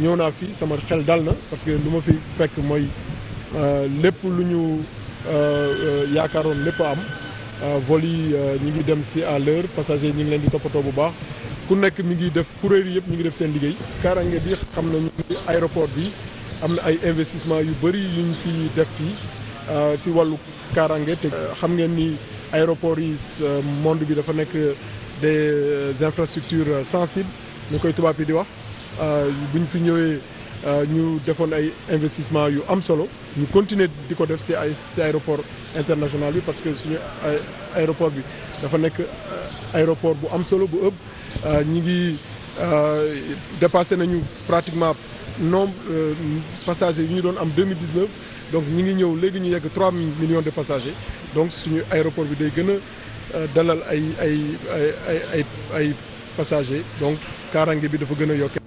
ñëw naa fii sama xel dal na parce que lu ma fi fekk mooy euh, lépp lu ñu euh, euh, yaakaaroon lépp am vol yi ñi ngi dem si à l'heure passagers ñi ngi leen di toppatoo bu baax ku nekk mi ngi def kuréel yëpp ñu ngi def seen liggéey kaaraange bi xam na ñu aéroport bi am na ay investissement yu bëri yuñ fi def fii si wàllu kaaraange te xam ngeen ni aéroport yi monde bi dafa nekk des infrastructures sensibles ñu koy tubaab yi di wax Euh, bu ñu fi ñëwee euh, ñu defoon ay investissement yu am solo ñu continuer di ko def si ay si aéroport international bi parce que suñu aéroport bi dafa nekk euh, aéroport bu am solo bu ëpp ñi ngi dépassé nañu pratiquement nombre passagers yu ñu doon am 2019 donc ñu ngi ñëw léegi ñu yegg 3 millions de passagers donc suñu aéroport bi day gën a dalal ay ay ay ay ay passagers donc kaaraange bi dafa gën a yokkee